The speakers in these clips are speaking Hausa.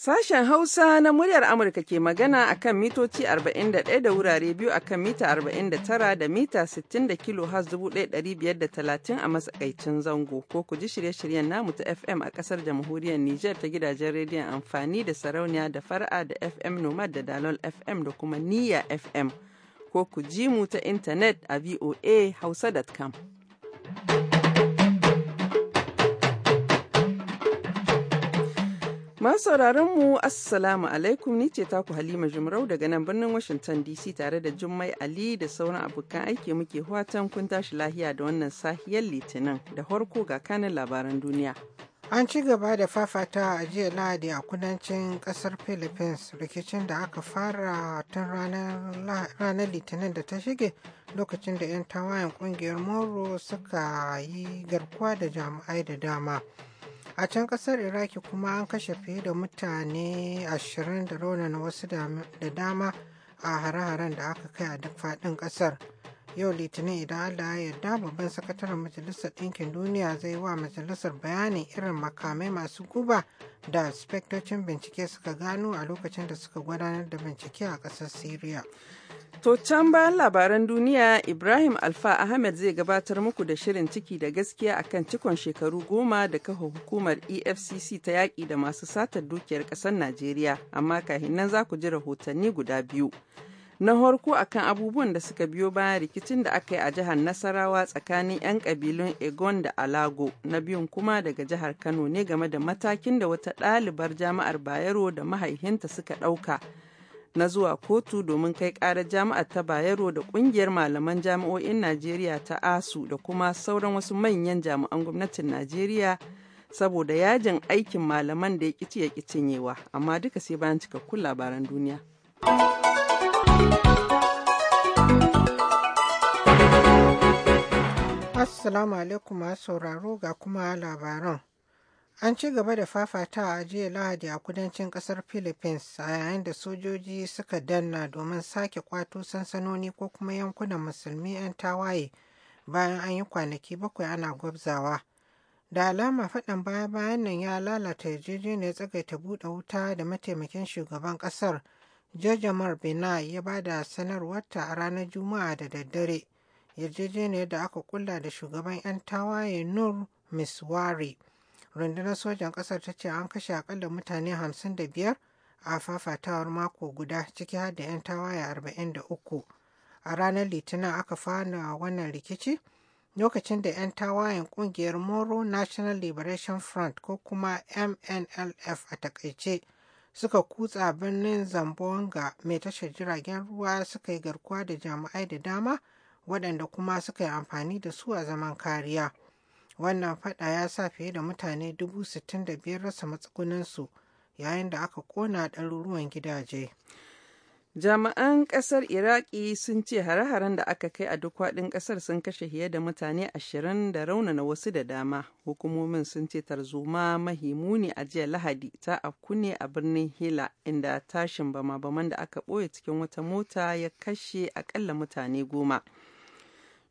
Sashen Hausa na muryar Amurka ke magana a kan mitoci 41 da wurare biyu a kan mita 49 da mita 60 da kilo has 1530 a matsakaicin zango ko ku ji shirye-shiryen namu ta FM a kasar jamhuriyar Nijar ta gidajen rediyon amfani da sarauniya da fara'a da FM Nomad da Dalol FM da kuma niya FM ko ku ji mu ta intanet a voa hausa.com. sauraron mu assalamu alaikum ni ce taku halima jumrau daga nan birnin washington dc tare da jummai ali da sauran abokan aiki muke watan kun tashi lahiya da wannan sahiyar litinin da horko ga kanin labaran duniya an ci gaba da fafata a jiya lahadi a kudancin kasar philippines rikicin da aka fara tun ranar litinin da ta shige lokacin da 'yan tawayen kungiyar moro suka yi garkuwa da jami'ai da dama a can kasar iraki kuma an kashe fiye da mutane 20 da raunana wasu da dama a hare-haren da aka kai a duk faɗin ƙasar yau litinin idan allah ya yarda babban sakataren majalisar ɗinkin duniya zai wa majalisar bayanin irin makamai masu guba da spectocin bincike suka gano a lokacin da suka gudanar da bincike a ƙasar syria To can bayan labaran duniya Ibrahim Alfa Ahmed zai gabatar muku da shirin ciki da gaskiya akan cikon shekaru goma da kafa hukumar EFCC ta yaƙi da masu satar dukiyar ƙasar Najeriya, amma kahin nan za ku ji rahotanni guda biyu. Na harko akan abubuwan da suka biyo bayan rikicin da aka yi a jihar Nasarawa tsakanin 'yan kabilun Egon da Alago, na biyun kuma daga jihar Kano ne game da matakin da wata ɗalibar jami'ar Bayero da mahaifinta suka ɗauka. na zuwa kotu domin kai ƙarar jami'ar ta Bayero da ƙungiyar malaman jami'o'in Najeriya ta ASU da kuma sauran wasu manyan jami'an gwamnatin Najeriya saboda yajin aikin malaman da ya ƙici ya cinyewa amma duka sai bayan cikakkun labaran duniya. Assalamu alaikum sauraro ga kuma labaran. An ci gaba da fafata a jiya Lahadi a kudancin kasar Philippines a yayin da sojoji suka danna domin sake kwato sansanoni ko kuma yankunan musulmi 'yan tawaye bayan an yi kwanaki bakwai ana gwabzawa. Da alama faɗan baya-bayan nan ya lalata yarjejeniyar tsagaita buɗe wuta da mataimakin shugaban ƙasar jajamar Binay ya ba da sanarwarta a ranar Juma'a da daddare. Yarjejeniyar da aka kula da shugaban 'yan tawaye Nur Miswari. rundunar sojan ƙasar ta ce an kashe akalla mutane 55 a fafatawar mako guda ciki har da 'yan tawaye 43 a ranar litinin aka fara wannan rikici lokacin da 'yan tawayen kungiyar moro national liberation front ko kuma mnlf a takaice suka kutsa birnin zambonga mai tashar jiragen ruwa suka yi garkuwa da jami'ai da dama waɗanda kuma suka yi amfani da su a zaman kariya wannan fada ya sa fiye da mutane dubu sittin biyar rasa matsugunansu yayin da aka kona ɗaruruwan gidaje jami'an ƙasar iraki sun ce hare-haren da aka kai a duk faɗin ƙasar sun kashe fiye da mutane ashirin da na wasu da dama hukumomin sun ce tarzoma mahimuni a jiya lahadi ta afku ne a birnin hila inda tashin bama-baman da aka ɓoye cikin wata mota ya kashe akalla mutane goma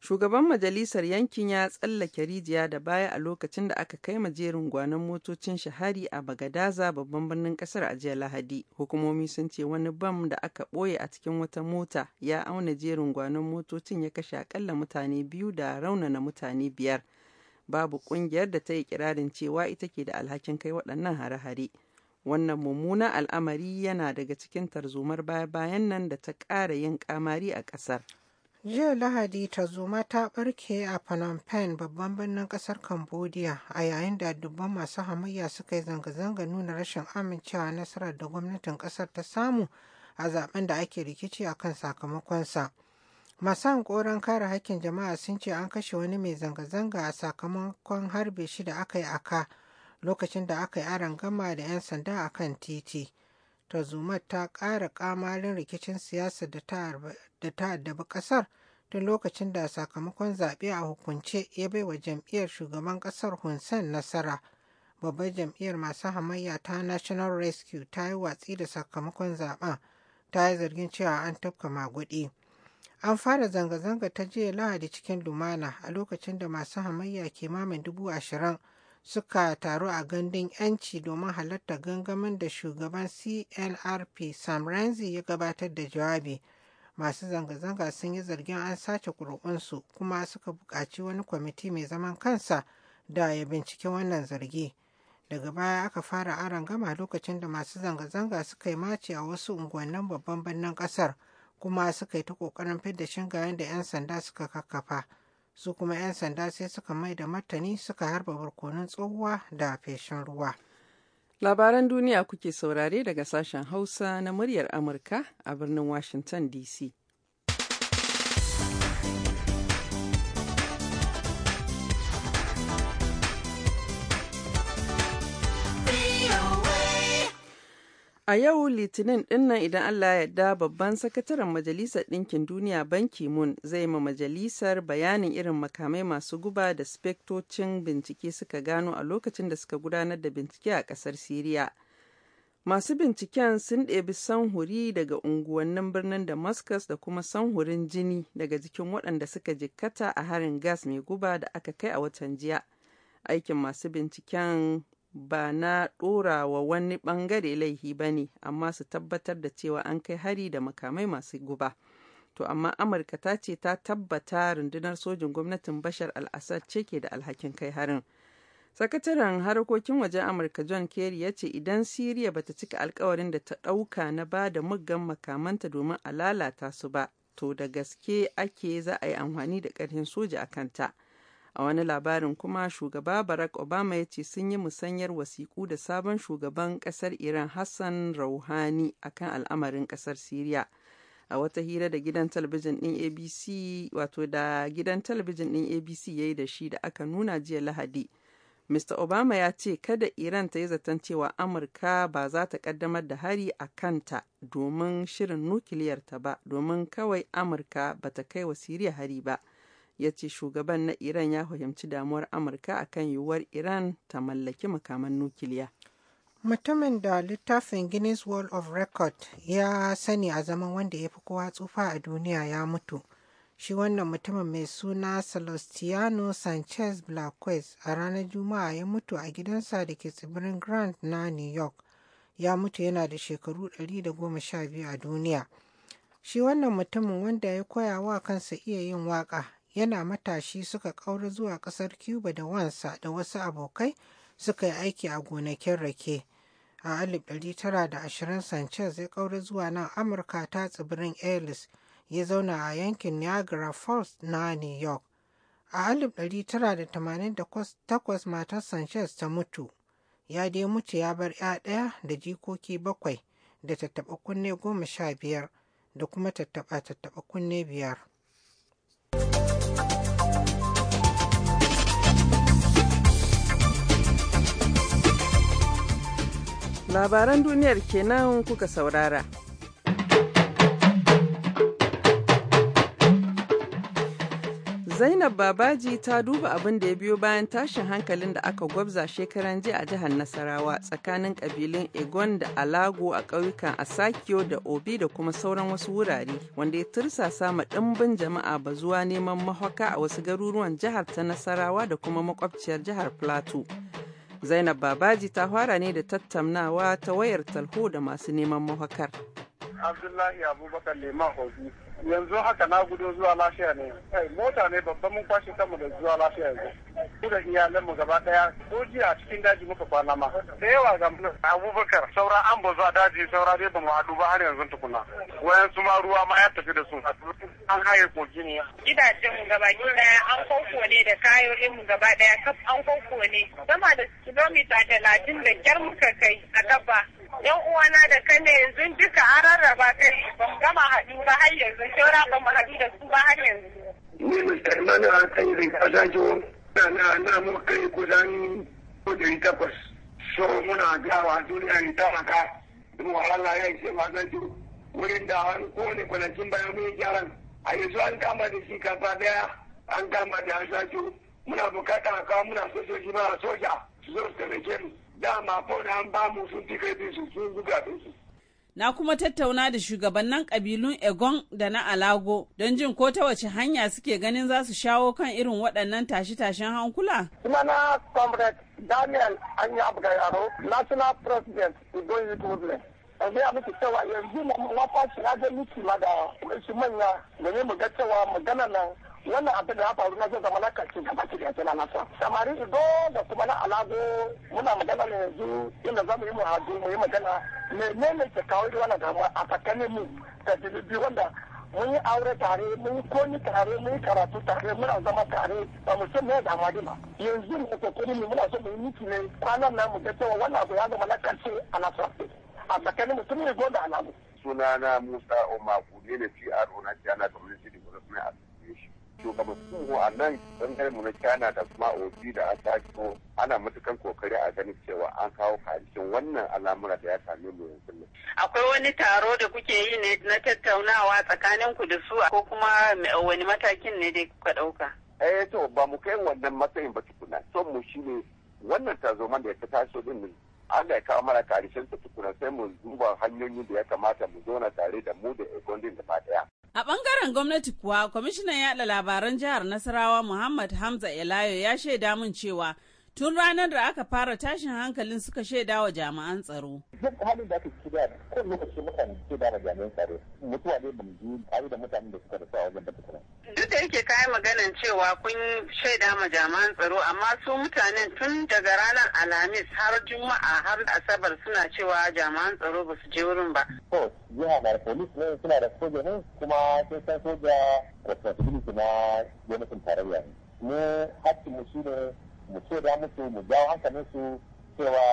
Shugaban majalisar yankin ya tsallake rijiya da baya a lokacin da aka kai ma jerin gwanon motocin shahari a Bagadaza babban birnin kasar a jiya Lahadi. Hukumomi sun ce wani bam da aka ɓoye a cikin wata mota ya auna jerin gwanon motocin ya kashe akalla mutane biyu da na mutane biyar. Babu ƙungiyar da ta yi kirarin cewa ita ke da alhakin kai waɗannan hare-hare. Wannan mummuna al'amari yana daga cikin tarzomar baya-bayan nan da ta ƙara yin kamari a ƙasar. jiya lahadi ta tarzoma ta barke a phnom penh babban birnin kasar cambodia a yayin da dubban masu hamayya suka yi zanga-zanga nuna rashin amincewa nasarar da gwamnatin kasar ta samu a zaben da ake rikici a kan sakamakonsa masu hankoron kare hakkin jama'a sun ce an kashe wani mai zanga-zanga a sakamakon harbe shi da aka yi aka lokacin da aka yi gama da 'yan sanda a kan titi tarzoma ta ƙara ƙamarin rikicin siyasa da ta addabi ƙasar tun lokacin da sakamakon zaɓe a hukunce ya bai wa jam'iyyar shugaban ƙasar hunsan nasara. Babbar jam'iyyar masu hamayya ta National Rescue ta yi watsi da sakamakon zaɓen ta yi zargin cewa an tafka maguɗi. An fara zanga-zanga ta jiya Lahadi cikin lumana a lokacin da masu hamayya kimamin dubu ashirin suka taru a gandun 'yanci domin halarta gangamin da shugaban cnrp sam Renzi ya gabatar da jawabi masu zanga-zanga sun yi zargin an sace ƙuri'unsu kuma suka buƙaci wani kwamiti mai zaman kansa da ya binciki wannan zargi daga baya aka fara aron gama lokacin da masu zanga-zanga suka yi mace a wasu unguwannin babban birnin ƙasar kuma suka yi ta ƙoƙarin fidda shingayen da 'yan sanda suka kakkafa. su kuma 'yan sanda sai suka mai da martani suka harba barkonon tsohuwa da feshin ruwa labaran duniya kuke saurare daga sashen hausa na muryar amurka a birnin washington dc A yau Litinin ɗinnan idan Allah ya yarda babban sakataren Majalisar Dinkin Duniya Ban Ki-moon zai ma majalisar bayanin irin makamai masu guba da spektocin bincike suka gano a lokacin da suka gudanar da bincike a ƙasar Siriya. Masu binciken sun ɗebi sanhuri daga unguwannin birnin Damascus da kuma sanhurin jini daga jikin waɗanda suka jikkata a harin gas mai guba da aka kai a watan jiya. Aikin masu binciken ba na ɗora wa wani ɓangare laihi ba ne amma su tabbatar da cewa an kai hari da makamai masu guba to amma amurka ta ce ta tabbata rundunar sojin gwamnatin bashar al-assad ce ke da alhakin kai harin sakataren harkokin wajen amurka john kerry ya ce idan siriya bata cika alkawarin da ta ɗauka na ba da muggan makamanta domin a lalata su ba to da gaske ake za a yi amfani da ƙarfin soja a kanta. a wani labarin kuma shugaba barack obama ya ce sun yi musanyar wasiku da sabon shugaban kasar iran hassan rouhani akan al'amarin kasar syria a wata hira da gidan talabijin ɗin abc wato da gidan talabijin ɗin abc ya yi da shi da aka nuna jiya lahadi mr obama ya ce kada iran ta yi zaton cewa amurka ba za ta kaddamar da hari a kanta domin shirin nukiliyarta ba domin kawai amurka ba ta kai wa siriya hari ba ya ce shugaban na Iran ya fahimci damuwar Amurka a kan yiwuwar Iran ta mallaki makaman nukiliya. Mutumin da littafin Guinness World of Record ya sani a zaman wanda ya fi kowa tsufa a duniya ya mutu. Shi wannan mutumin mai suna Celestiano Sanchez Blaquez a ranar Juma'a ya mutu a gidansa da ke tsibirin Grand na New York. Ya mutu yana da shekaru 112 a duniya. Shi wannan mutumin wanda ya koya wa kansa iya yin waka yana matashi suka ƙaura zuwa ƙasar Cuba da wansa da wasu abokai suka yi aiki a gonakin rake. A 1920 Sanchez ya ƙaura zuwa nan Amurka ta tsibirin Ellis ya zauna a yankin Niagara Falls na New York. A 1988 matar Sanchez ta mutu. Ya dai mutu ya bar 'ya ɗaya da jikoki bakwai da tattaɓa kunne goma sha biyar da kuma tattaɓa tattaba kunne biyar. Labaran duniyar kenan kuka saurara. Zainab Babaji ta duba abin da ya biyo bayan tashin hankalin da aka gwabza shekaran jiya a jihar Nasarawa tsakanin kabilun Egon da Alago a ƙauyukan Asakio da Obi da kuma sauran wasu wurare wanda ya tursasa ma ɗimbin jama'a ba zuwa neman mahaka a wasu garuruwan jihar ta Nasarawa da kuma makwabciyar jihar Plateau. Zainab Babaji ta fara ne da tattaunawa ta wayar talho da masu neman mahakar. Abdullahi Abubakar Lema Ozu yanzu haka na gudu zuwa lafiya ne mota ne babban mun kwashe kanmu da zuwa lafiya yanzu su da iyalanmu gaba daya ko jiya a cikin daji muka kwana ma da yawa ga abubakar saura an ba zuwa daji saura dai ba mu haɗu ba har yanzu tukuna wayan su ma ruwa ma ya tafi da su an haye kogi ne gidajen mu gaba daya an kwanko ne da kayoyin mu gaba daya kaf an kwanko ne sama da kilomita talatin da kyar muka kai a gaba yan uwana da kane yanzu duka an rarraba kai ban gama haɗu ba har yanzu shaura ban mu haɗu da su ba har yanzu. Ni Mr. kai Alkairi Kasajo na na na mu kai gudan kudin takwas. So muna gawa duniya ta maka Mu wahala ya ce ma zan ju. Wurin da an kone kwanakin bayan mun gyaran. A yanzu an kama da shi kafa daya an kama da Hasaju. Muna bukata kawo muna sojoji mara soja su zo su taimake mu. dama ko da an ba mu sun tike su sun buga su. Na kuma tattauna da shugabannin kabilun Egon da na Alago don jin ko ta wace hanya suke ganin za su shawo kan irin waɗannan tashe-tashen hankula. na Comrade Daniel Anya Abgayaro, National President Udon Youth Movement. a muke cewa yanzu mu shi na ga ma da wasu manya game mu ga cewa magana nan wannan abin da ya faru na zai zama na karshen gaba ki da na nasa samari ido da kuma na alago muna magana ne yanzu inda za mu yi muhadu mu yi magana menene ke kawo irin wannan damuwa a tsakanin mu da dilibi wanda mun yi aure tare mun yi koni tare mun yi karatu tare muna zama tare ba mu san me damuwa ne ba yanzu mu ko mu muna so mu yi miki ne kwanan nan mu ga cewa wannan abu ya zama na karshe a nasa a tsakanin mu sun yi gonda alago sunana Musa Omaku ne ne PRO na Jana Community Development Association. Shugaban mu a nan bangaren mu na china da kuma obi da asako ana matukan kokari a ganin cewa an kawo karshen wannan al'amura da ya same mu yanzu akwai wani taro da kuke yi ne na tattaunawa tsakanin ku da su ko kuma wani matakin ne da kuka dauka eh to ba mu kai wannan matsayin ba tukuna son mu shine wannan tazoman da ya ta taso din Allah ya kawo mana karshen tukuna sai mu duba hanyoyin da ya kamata mu zauna tare da mu da ekondin da ba daya Bangaren gwamnati kuwa, kwamishinan yada labaran jihar Nasarawa Muhammad Hamza Elayo ya shaida mun cewa Tun ranar da aka fara tashin hankalin suka shaida wa jama'an tsaro. Duk halin da ake ciki da kan lokaci mutane ke da jami'an tsaro mutuwa ne ban mu ji da mutanen da suka rasa a wajen da Duk da yake kayi maganan cewa kun shaida ma jami'an tsaro amma su mutanen tun daga ranar Alhamis har Juma'a har Asabar suna cewa jami'an tsaro ba su je wurin ba. To yana da polis ne suna da soja ne kuma sai san soja responsibility na gwamnatin tarayya ne. Ne hakkin shi ne mu ce da musu mu jawo hankalin su cewa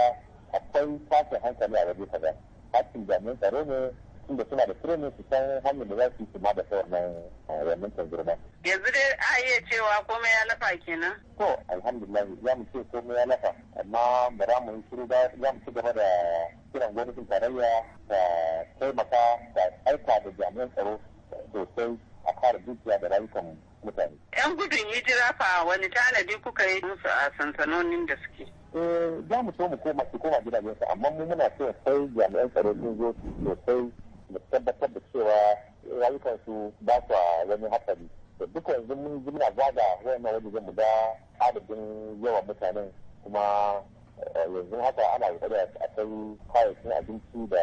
akwai tashin hankali a waje kaza hakkin jami'an tsaro ne tunda suna da ne su san hanyar da za su yi su ma da ta wannan eh, wannan tanzurma. yanzu dai a iya cewa komai ya lafa kenan. to alhamdulillah za mu ce komai ya lafa amma bara mu shiru ba za mu ci gaba da kiran gwamnatin tarayya da taimaka da aika da jami'an tsaro sosai a kare dukiya da mu. mutane. Yan gudun hijira fa wani tanadi kuka yi musu a sansanonin da suke. Eh, za mu so mu koma su koma gidajensu amma mu muna so sai jami'an tsaro sun zo sosai mu tabbatar da cewa rayukansu ba su a wani hatsari. da duka yanzu mun ji muna zaga wani zan mu ga adadin yawan mutanen kuma eh, yanzu haka ana da a kai kayayyakin abinci da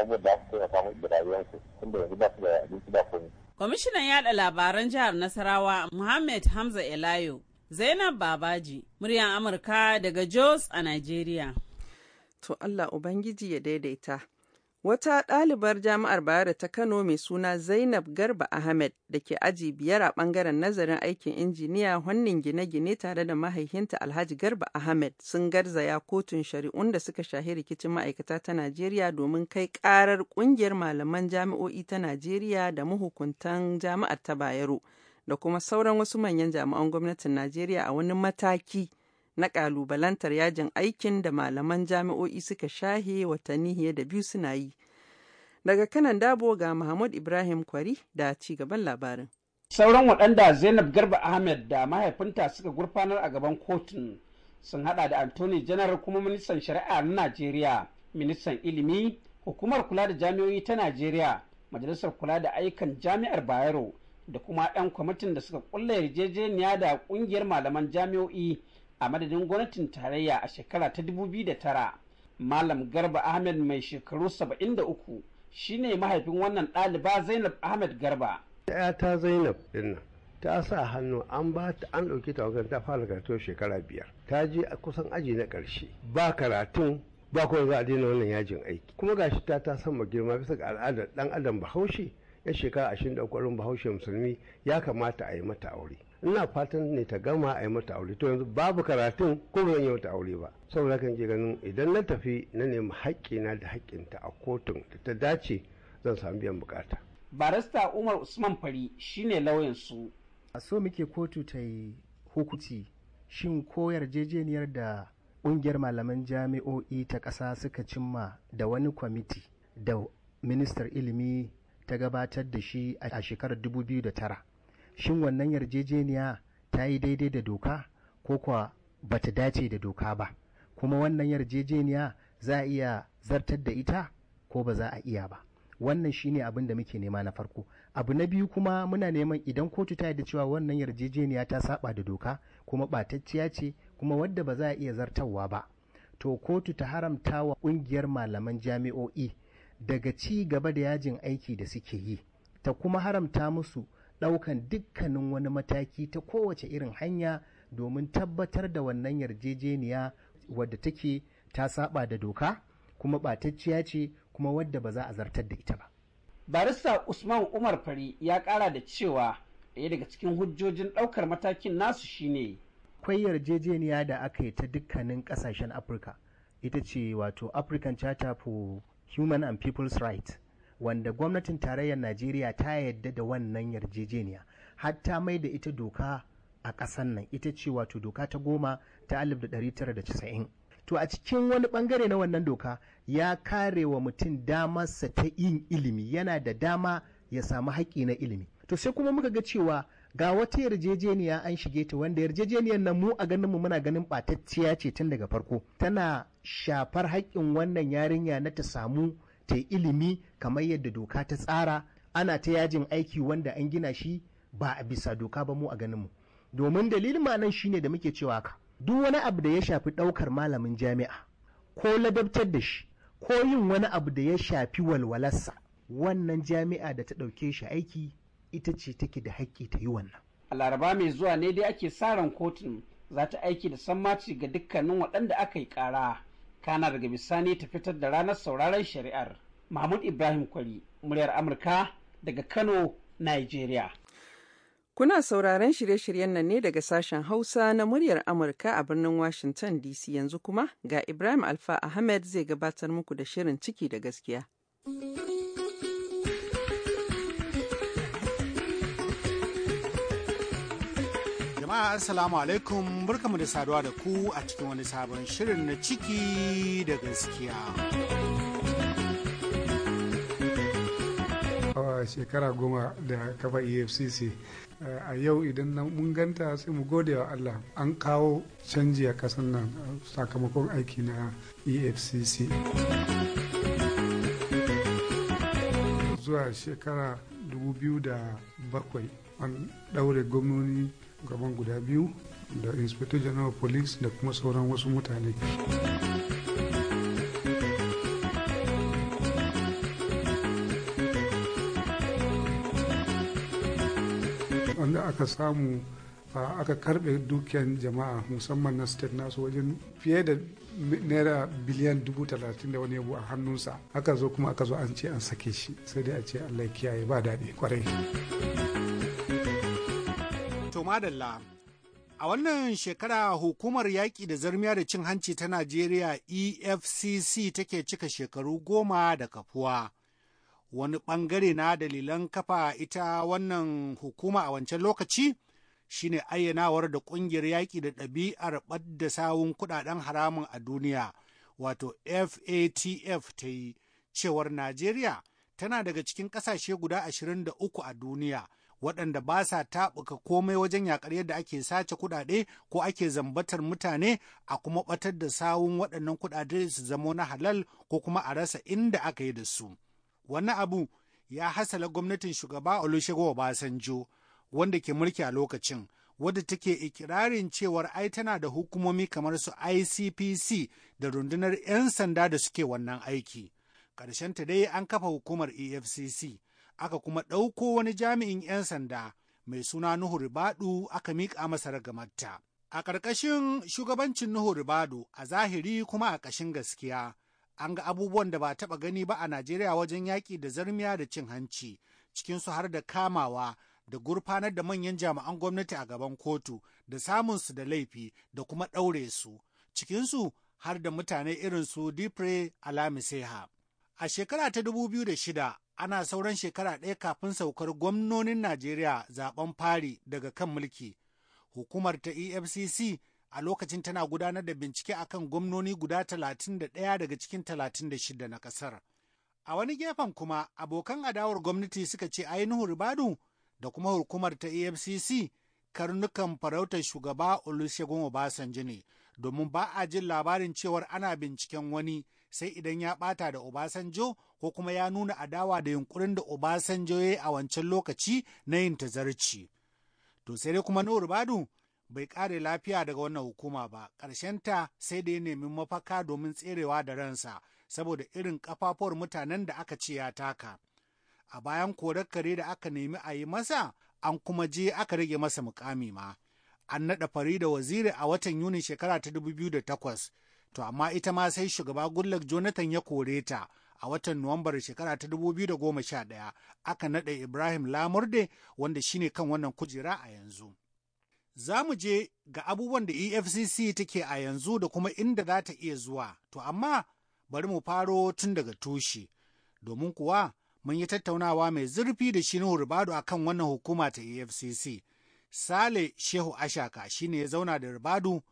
abubuwan da aka taimaka musu da rayuwarsu tunda yanzu ba su da abinci ba komai. Kwamishinan yada labaran jihar Nasarawa Muhammad Hamza Elayo, Zainab Babaji, muryar Amurka daga Jos a Najeriya. To Allah Ubangiji ya daidaita. Wata ɗalibar jami'ar Bayero ta Kano mai suna Zainab Garba Ahmed da ke aji biyar a ɓangaren nazarin aikin injiniya wannan gine-gine tare da mahaihinta Alhaji Garba Ahmed sun garzaya kotun shari'un da suka shahi rikicin ma'aikata ta Najeriya domin kai ƙarar ƙungiyar malaman jami'o'i ta Najeriya da mahukuntan jami'ar ta Bayero da kuma sauran wasu manyan jami'an gwamnatin Najeriya a wani mataki. na ƙalubalantar yajin aikin da malaman jami'o'i suka shahe watanni fiye da biyu suna yi. Daga kanan dabo ga Mahmud Ibrahim Kwari da ci gaban labarin. Sauran waɗanda Zainab Garba Ahmed da mahaifinta suka gurfanar a gaban kotun sun hada da Anthony Janar kuma ministan shari'a na Najeriya, ministan ilimi, hukumar kula da jami'o'i ta Najeriya, majalisar kula da ayyukan jami'ar Bayero da kuma 'yan kwamitin da suka kulla yarjejeniya da kungiyar malaman jami'o'i a madadin gwamnatin tarayya a shekara ta 2009 malam garba ahmed mai shekaru 73 shine mahaifin wannan ɗaliba zainab ahmed garba ta zainab dinna ta sa hannu an ba ta an ɗauki ta wajen ta fara karatu shekara biyar ta je kusan aji na ƙarshe ba karatun ba kuma za a daina wannan yajin aiki kuma gashi ta ta ma girma bisa ga al'adar ɗan adam bahaushe ya shekara ashirin da kwarin bahaushe musulmi ya kamata a yi mata aure ina fatan ne ta gama a yi mata aure to yanzu babu karatun ko ban yi mata aure ba saboda kan je ganin idan na tafi na nemi haƙƙina da haƙƙinta a kotun da ta dace zan samu biyan bukata barista umar usman fari shine lauyan su a so muke kotu ta yi hukuci shin ko yarjejeniyar da ƙungiyar malaman jami'o'i ta ƙasa suka cimma da wani kwamiti da ministar ilimi ta gabatar da shi a shekarar 2009 shin wannan yarjejeniya ta yi daidai da doka ko kuwa ba ta dace da doka ba kuma wannan yarjejeniya za a iya zartar da ita ko ba za a iya ba wannan shine abin da muke nema na farko abu na biyu kuma muna neman idan kotu ta da cewa wannan yarjejeniya ta saba da doka kuma batacciya ce kuma wadda ba za a iya zartarwa ba to kotu ta haramta wa kungiyar malaman jami'o'i daga ci gaba da yajin aiki da suke yi ta kuma haramta musu ɗaukan dukkanin wani mataki ta kowace irin hanya domin tabbatar da wannan yarjejeniya wadda take ta saba da doka kuma ɓatacciya ce kuma wadda ba za a zartar da ita ba. barista usman umar fari ya ƙara da cewa ɗaya daga cikin hujjojin ɗaukar matakin nasu shine kwai yarjejeniya da aka yi ta dukkanin ƙasashen afirka ita ce wato african charter for human and people's right wanda gwamnatin tarayyar najeriya ta yadda da wannan yarjejeniya hatta mai da ita doka a ƙasan nan ita ce wato doka ta goma ta 1990 to a cikin wani bangare na wannan doka ya kare wa mutum damarsa ta yin ilimi yana da dama ya samu haƙƙi na ilimi to sai kuma muka ga cewa ga wata yarjejeniya an shige ta wanda yarjejeniyar nan mu a ganin mu muna ganin batacciya ce tun daga farko tana shafar haƙƙin wannan yarinya na ta samu ta ilimi kamar yadda doka ta tsara ana ta yajin aiki wanda an gina shi ba a bisa doka ba mu a ganin mu domin dalilin ma nan shine da muke cewa ka duk wani abu da ya shafi ɗaukar malamin jami'a ko ladabtar da shi ko yin wani abu da ya shafi walwalarsa wannan jami'a da ta ɗauke shi aiki ita ce take da haƙƙi ta yi wannan a laraba mai zuwa ne dai ake sa ran kotun za ta aiki da sammaci ga dukkanin waɗanda aka yi ƙara kana daga bisani ta fitar da ranar sauraron shari'ar mahmud ibrahim kwari muryar amurka daga kano nigeria kuna sauraron shirye-shiryen nan ne daga sashen hausa na muryar amurka a birnin washington dc yanzu kuma ga ibrahim alfa ahmed zai gabatar muku da shirin ciki da gaskiya. jama'a assalamu alaikum barkamu da saduwa da ku a cikin wani sabon shirin na ciki da gaskiya a shekara goma da kafa efcc a yau idan mun ganta sai mu gode wa allah an kawo canji a kasan nan sakamakon aiki na efcc zuwa shekara da bakwai an ɗaure gwamnoni gaban guda biyu da inspector general police da kuma sauran wasu mutane wanda aka samu aka karbe dukiyan jama'a musamman na state nasu wajen fiye da naira biliyan dubu talatin da wani yabu a hannunsa aka zo kuma aka zo an ce an sake shi sai dai a ce allah kiyaye ba daɗi kwarai madalla. A wannan shekara hukumar yaƙi da zarmiya da cin hanci ta Najeriya EFCC take cika shekaru goma da kafuwa. Wani ɓangare na dalilan kafa ita wannan hukuma a wancan lokaci shine ayyanawar da ƙungiyar yaƙi da ɗabi'ar ɓadda sawun kuɗaɗen haramun a duniya, wato FATF ta yi, cewar Najeriya tana daga cikin ƙasashe guda 23 a duniya. waɗanda ba sa taɓuka komai wajen yaƙar yadda ake sace kuɗaɗe ko ake zambatar mutane a kuma ɓatar da sawun waɗannan kuɗaɗe su zamo na halal ko kuma a rasa inda aka yi da su. wani abu ya hasala gwamnatin shugaba Olusegun Obasanjo wanda ke mulki a lokacin. wadda take ikirarin cewar ai tana da hukumomi kamar su ICPC da rundunar 'yan sanda da suke wannan aiki. Ƙarshenta dai an kafa hukumar EFCC. aka kuma ɗauko wani jami'in 'yan sanda mai suna Nuhu Ribadu aka miƙa masa ragamarta. A ƙarƙashin shugabancin Nuhu Ribadu a zahiri kuma a ƙashin gaskiya, an ga abubuwan da ba taɓa gani ba a Najeriya wajen yaƙi da zarmiya da cin hanci, cikinsu har da kamawa da gurfanar da manyan jami'an gwamnati a gaban kotu da samun su da laifi da kuma ɗaure su, cikinsu har da mutane irin su Dipre Alamiseha. A shekara ta dubu biyu da shida. ana sauran shekara ɗaya kafin saukar gwamnonin Najeriya zaben fari daga kan mulki. Hukumar ta EFCC a lokacin tana gudanar da bincike a kan gwamnoni guda 31 daga cikin 36 na ƙasar. A wani gefen kuma abokan adawar gwamnati suka ce ainihin ribadu da kuma hukumar ta EFCC karnukan farautar shugaba Olusegun Obasanjo ne domin ba a jin labarin cewar ana binciken wani sai idan ya ɓata da Obasanjo ko kuma ya nuna adawa da yunkurin da Obasanjo ya yi a wancan lokaci na yin tazarci. To sai dai kuma na Badu bai kare lafiya daga wannan hukuma ba, ta sai da ya nemi mafaka domin tserewa da ransa saboda irin kafafuwar mutanen da aka ce ya taka. A bayan korar kare da aka nemi a yi masa, an kuma je aka rage masa mukami ma. An naɗa fari da Waziri a watan Yuni shekara ta 2008 to amma ita ma sai shugaba Goodluck Jonathan ya kore ta a watan Nuwambar shekara ta 2011 aka naɗa Ibrahim Lamurde wanda shine kan wannan kujera a yanzu. Za mu je ga abubuwan da EFCC take a yanzu da kuma inda za ta iya zuwa, to amma bari mu faro tun daga tushe, domin kuwa mun yi tattaunawa mai zurfi da shi Nuhu a kan wannan hukuma ta EFCC. Sale Shehu Ashaka shine ya zauna da Ribadu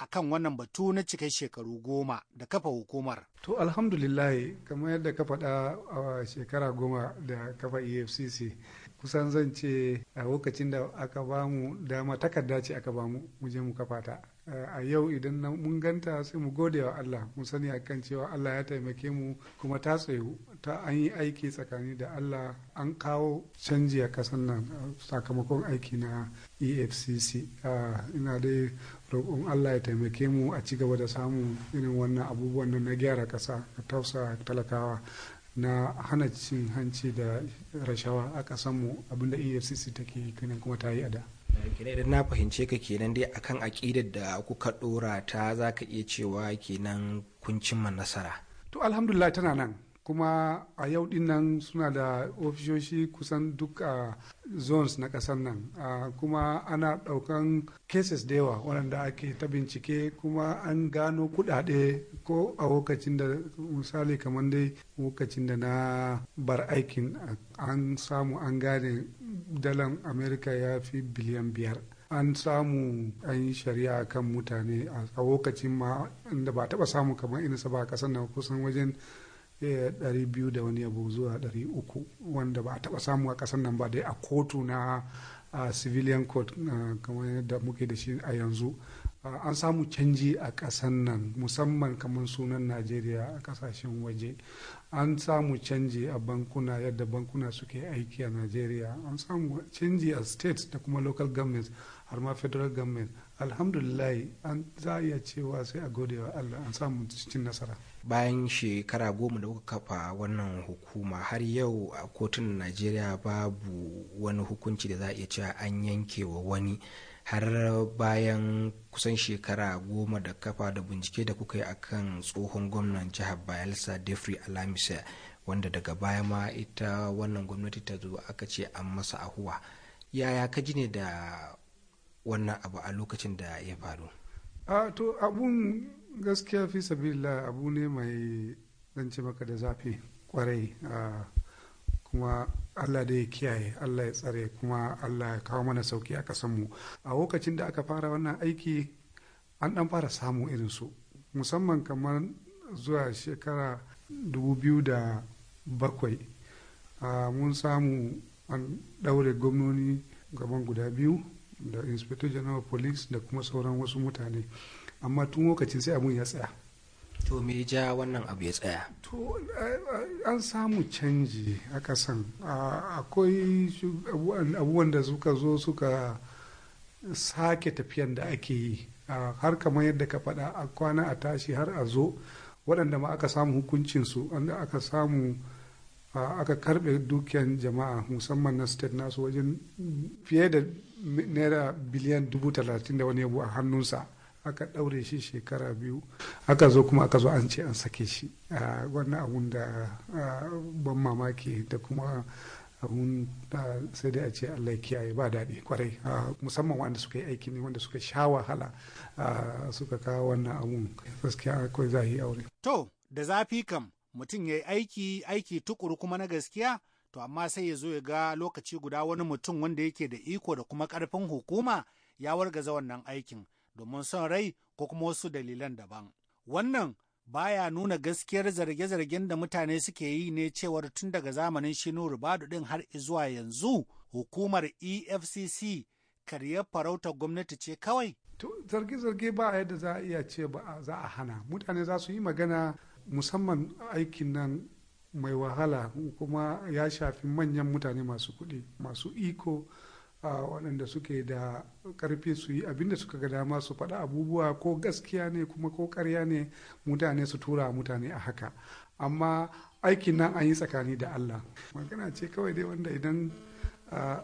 a kan wannan batu na cikai shekaru goma da kafa hukumar. To alhamdulillah kamar yadda ka faɗa a shekara goma da kafa EFCC kusan zan ce a lokacin da aka bamu dama takarda ce aka bamu mu je mu kafa ta. Eh, a yau idan mun ganta sai mu gode wa Allah mu sani akan cewa Allah ya taimake mu kuma ta tsayu ta an yi aiki tsakani da Allah an kawo canji a kasan nan sakamakon aiki na EFCC ina dai roƙon Allah ya taimake mu a ci gaba da samun irin wannan abubuwan na gyara ƙasa a tausa talakawa na hana cin hanci da rashawa a ƙasanmu abinda EFCC take kenan kuma ta yi a da. kenan idan na fahimce ka kenan dai akan aƙidar da kuka ɗora ta za ka iya cewa kenan kun cimma nasara to alhamdulillah tana nan kuma a yau din nan suna da ofishoshi kusan duk zones na kasar nan ah, kuma ana daukan cases da yawa waɗanda ake ta bincike kuma an gano kuɗaɗe ko a lokacin da misali kamar dai lokacin da na bar aikin an samu an gane dalan amerika ya fi biliyan biyar an samu an yi shari'a kan mutane a lokacin ma da ba taba samu kamar inisa ba a kasar nan kusan wajen ɗari biyu da wani abu zuwa ɗari uku wanda ba a taɓa samu a ƙasar nan ba dai a kotu na civilian court kamar yadda muke da shi a yanzu an samu canji a ƙasan nan musamman kamar sunan najeriya a ƙasashen waje an samu canji a bankuna yadda bankuna suke aiki a nigeria an samu canji a state da kuma local governments har ma federal government alhamdulillah an za a iya cewa sai a gode wa allah an samu cikin nasara bayan shekara goma da kuka kafa wannan hukuma har yau a kotun nigeria babu wani hukunci da za a iya cewa an yanke wa wani har bayan kusan shekara goma da kafa da bincike da kuka yi a kan tsohon gwamnan jihar bayelsa defri alamisa wanda daga baya ma ita wannan gwamnati ta zo aka ce an masa ahuwa yaya ka ji ne da wannan abu a lokacin da ya faru a to abun gaskiya fi sabila abu ne mai zance maka da zafi kwarai a kuma Allah da ya kiyaye Allah ya tsare kuma Allah ya kawo mana sauki a kasanmu a lokacin da aka fara wannan aiki an dan fara samu irin su musamman kamar zuwa shekara 2007 mun samu an daure gwamnoni gaban guda biyu da inspector general police da kuma sauran wasu mutane amma tun lokacin sai abun ya tsaya to me ja wannan abu ya tsaya to eh, an samu canji a kasan akwai abubuwan da suka zo suka sake tafiyan da ake yi har kamar yadda ka faɗa a kwana a tashi har a zo waɗanda ma aka samu hukuncinsu wanda aka samu aka karɓe dukiyan jama'a musamman na state nasu wajen fiye da naira biliyan dubu talatin da wani abu a hannunsa aka ɗaure shi shekara biyu aka zo kuma aka zo an ce an sake shi wannan abun da ban mamaki da kuma abun da sai dai a ce allah kiyaye ba daɗi kwarai musamman wanda suka yi aiki ne wanda suka sha wahala suka kawo wannan abun gaskiya akwai zahi aure to da zafi kam mutum ya yi aiki aiki tukuru kuma na gaskiya to amma sai ya zo ya ga lokaci guda wani mutum wanda yake da iko da kuma ƙarfin hukuma ya wargaza wannan aikin domin son rai ko kuma wasu dalilan daban. Wannan baya nuna gaskiyar zarge-zargen da mutane suke yi ne cewar tun daga zamanin shinu rubadu din har zuwa yanzu hukumar efcc karyar farautar gwamnati ce kawai zarge-zarge ba yadda za a iya ce ba za a hana mutane za su yi magana musamman aikin nan mai wahala kuma ya shafi manyan mutane masu kuɗi masu iko a waɗanda suke da ƙarfi su yi abinda suka ga dama su faɗa abubuwa ko gaskiya ne kuma ko ƙarya ne mutane su tura mutane a haka amma aikin nan an yi tsakani da allah magana ce kawai dai wanda idan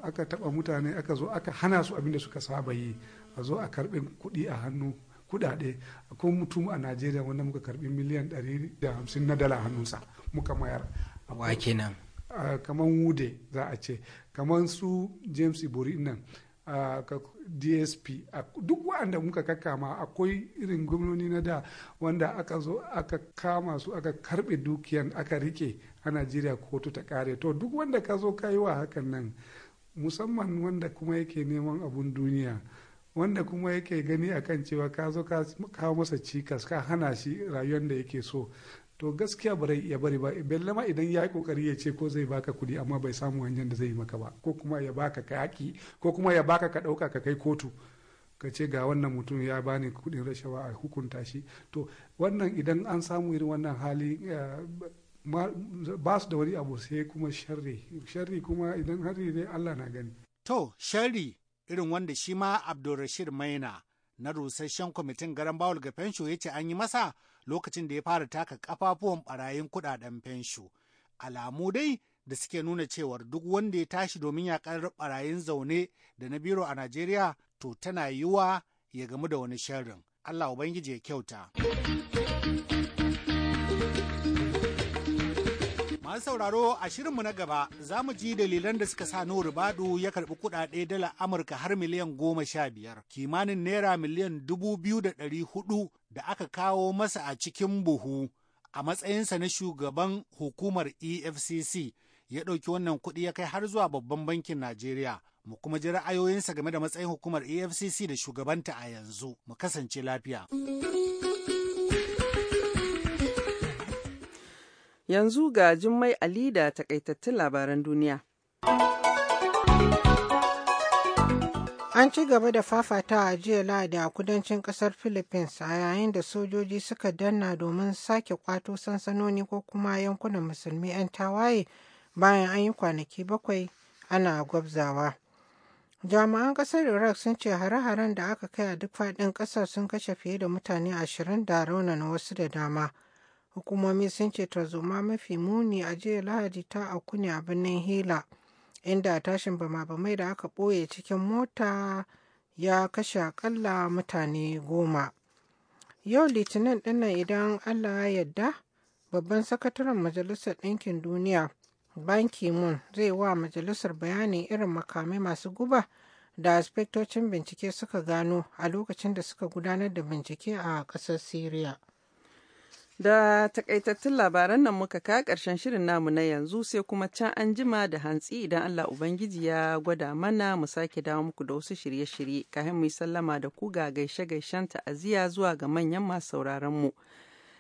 aka taɓa mutane aka zo aka hana su abinda suka saba yi a zo a karɓi kuɗi a hannu kuɗaɗe akwai mutum a najeriya wanda muka karɓi miliyan 150 na dala hannunsa muka mayar a wa nan. kamar wude za a ce kamar su james ibori nan dsp duk wanda muka kakkama akwai irin gwamnoni na da wanda aka zo aka kama su aka karbe dukiyan aka rike a najeriya kotu ta kare to duk wanda ka zo ka yi wa hakan nan musamman wanda kuma yake neman abun duniya wanda kuma yake gani akan cewa ka zo ka kawo masa cikas ka hana shi rayuwar da yake so to gaskiya bari ya bari ba belle ma idan ya yi kokari ya ce ko zai baka kuɗi amma bai samu hanyar da zai yi maka ba ko kuma ya baka ka yaki ko kuma ya baka ka ɗauka ka kai kotu ka ce ga wannan mutum ya bani kuɗin rashawa a hukunta shi to wannan idan an samu irin wannan hali eh, ba su da wani abu sai kuma sharri sharri kuma idan hari ne Allah na gani to sharri irin wanda shi ma Abdulrashid Maina na rusasshen kwamitin garan bawul ga fensho ya ce an yi masa lokacin da ya fara taka kafafuwan barayin kudaden fensho alamu dai da suke nuna cewar duk wanda ya tashi domin yakar barayin zaune da na biro a najeriya to tana yiwa ya gamu da wani sharrin allah ubangiji ya kyauta Masu sauraro a shirinmu na gaba za mu ji dalilan da suka sa Nuhu Badu ya karɓi kuɗaɗe dala Amurka har miliyan goma sha biyar, kimanin naira miliyan dubu biyu da ɗari hudu da aka kawo masa a cikin buhu a matsayinsa na shugaban hukumar EFCC ya ɗauki wannan kuɗi ya kai har zuwa babban bankin Najeriya. Mu kuma ji ra'ayoyinsa game da matsayin hukumar EFCC da shugabanta a yanzu. Mu kasance lafiya. Yanzu ga Jummai Ali da takaitattun labaran duniya. An ci gaba da fafata a jiya Lahadi a kudancin kasar Philippines a yayin da sojoji suka danna domin sake kwato sansanoni ko kuma yankunan musulmi 'yan tawaye bayan an yi kwanaki bakwai ana gwabzawa. Jami'an kasar Iraq sun ce hare-haren da aka kai a duk faɗin ƙasar sun kashe fiye da mutane ashirin da raunana wasu da dama. hukumomi sun ce tarzoma mafi muni a jiya lahadi ta auku ne a birnin hila inda tashin bama-bamai da aka ɓoye cikin mota ya kashe akalla mutane goma yau litinin dinnan idan allah ya yarda babban sakataren majalisar ɗinkin duniya ban Mun moon zai wa majalisar bayanin irin makamai masu guba da aspektocin bincike suka gano a lokacin da suka gudanar da bincike a ƙasar syria Da takaitattun labaran nan muka ka ƙarshen shirin namu na yanzu sai kuma can an jima da hantsi idan Allah Ubangiji ya gwada mana mu sake dawo muku da wasu shirye-shirye kafin mu yi sallama da ku ga gaishe-gaishen ta'aziyya zuwa ga manyan masu sauraron mu.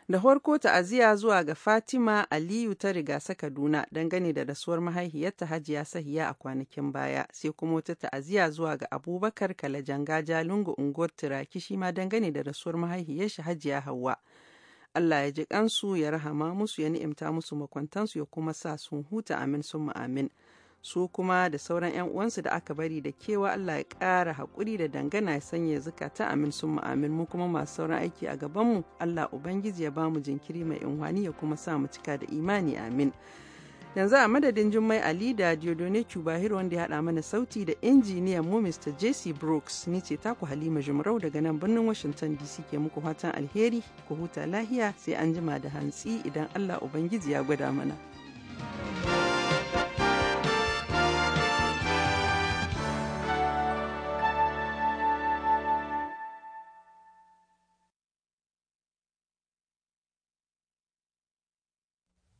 Da farko ta'aziyya zuwa ga Fatima Aliyu ta rigasa Kaduna dangane da rasuwar mahaihiyarta Hajiya Sahiya a kwanakin baya sai kuma wata ta'aziyya zuwa ga Abubakar Kalajanga Jalungu Unguwar Turaki shi ma dangane da rasuwar mahaihiyar Hajiya Hauwa. Allah ya ji kansu ya rahama musu ya ni'imta musu makwantansu ya kuma sa sun huta amin sun amin. Su kuma da sauran 'yan uwansu da aka bari da kewa Allah ya ƙara haƙuri da dangana ya sanya zukata amin sun amin mu kuma masu sauran aiki a gaban mu Allah Ubangiji ya bamu jinkiri mai inwani ya kuma sa mu cika da imani amin. yanzu a madadin jummai ali da diodone cubahir wanda ya hada mana sauti da injiniyan mu mr jc brooks ni ce taku halima jumrau daga nan birnin washington dc ke muku fatan alheri ku huta lahiya sai an jima da hantsi idan allah ubangiji ya gwada mana.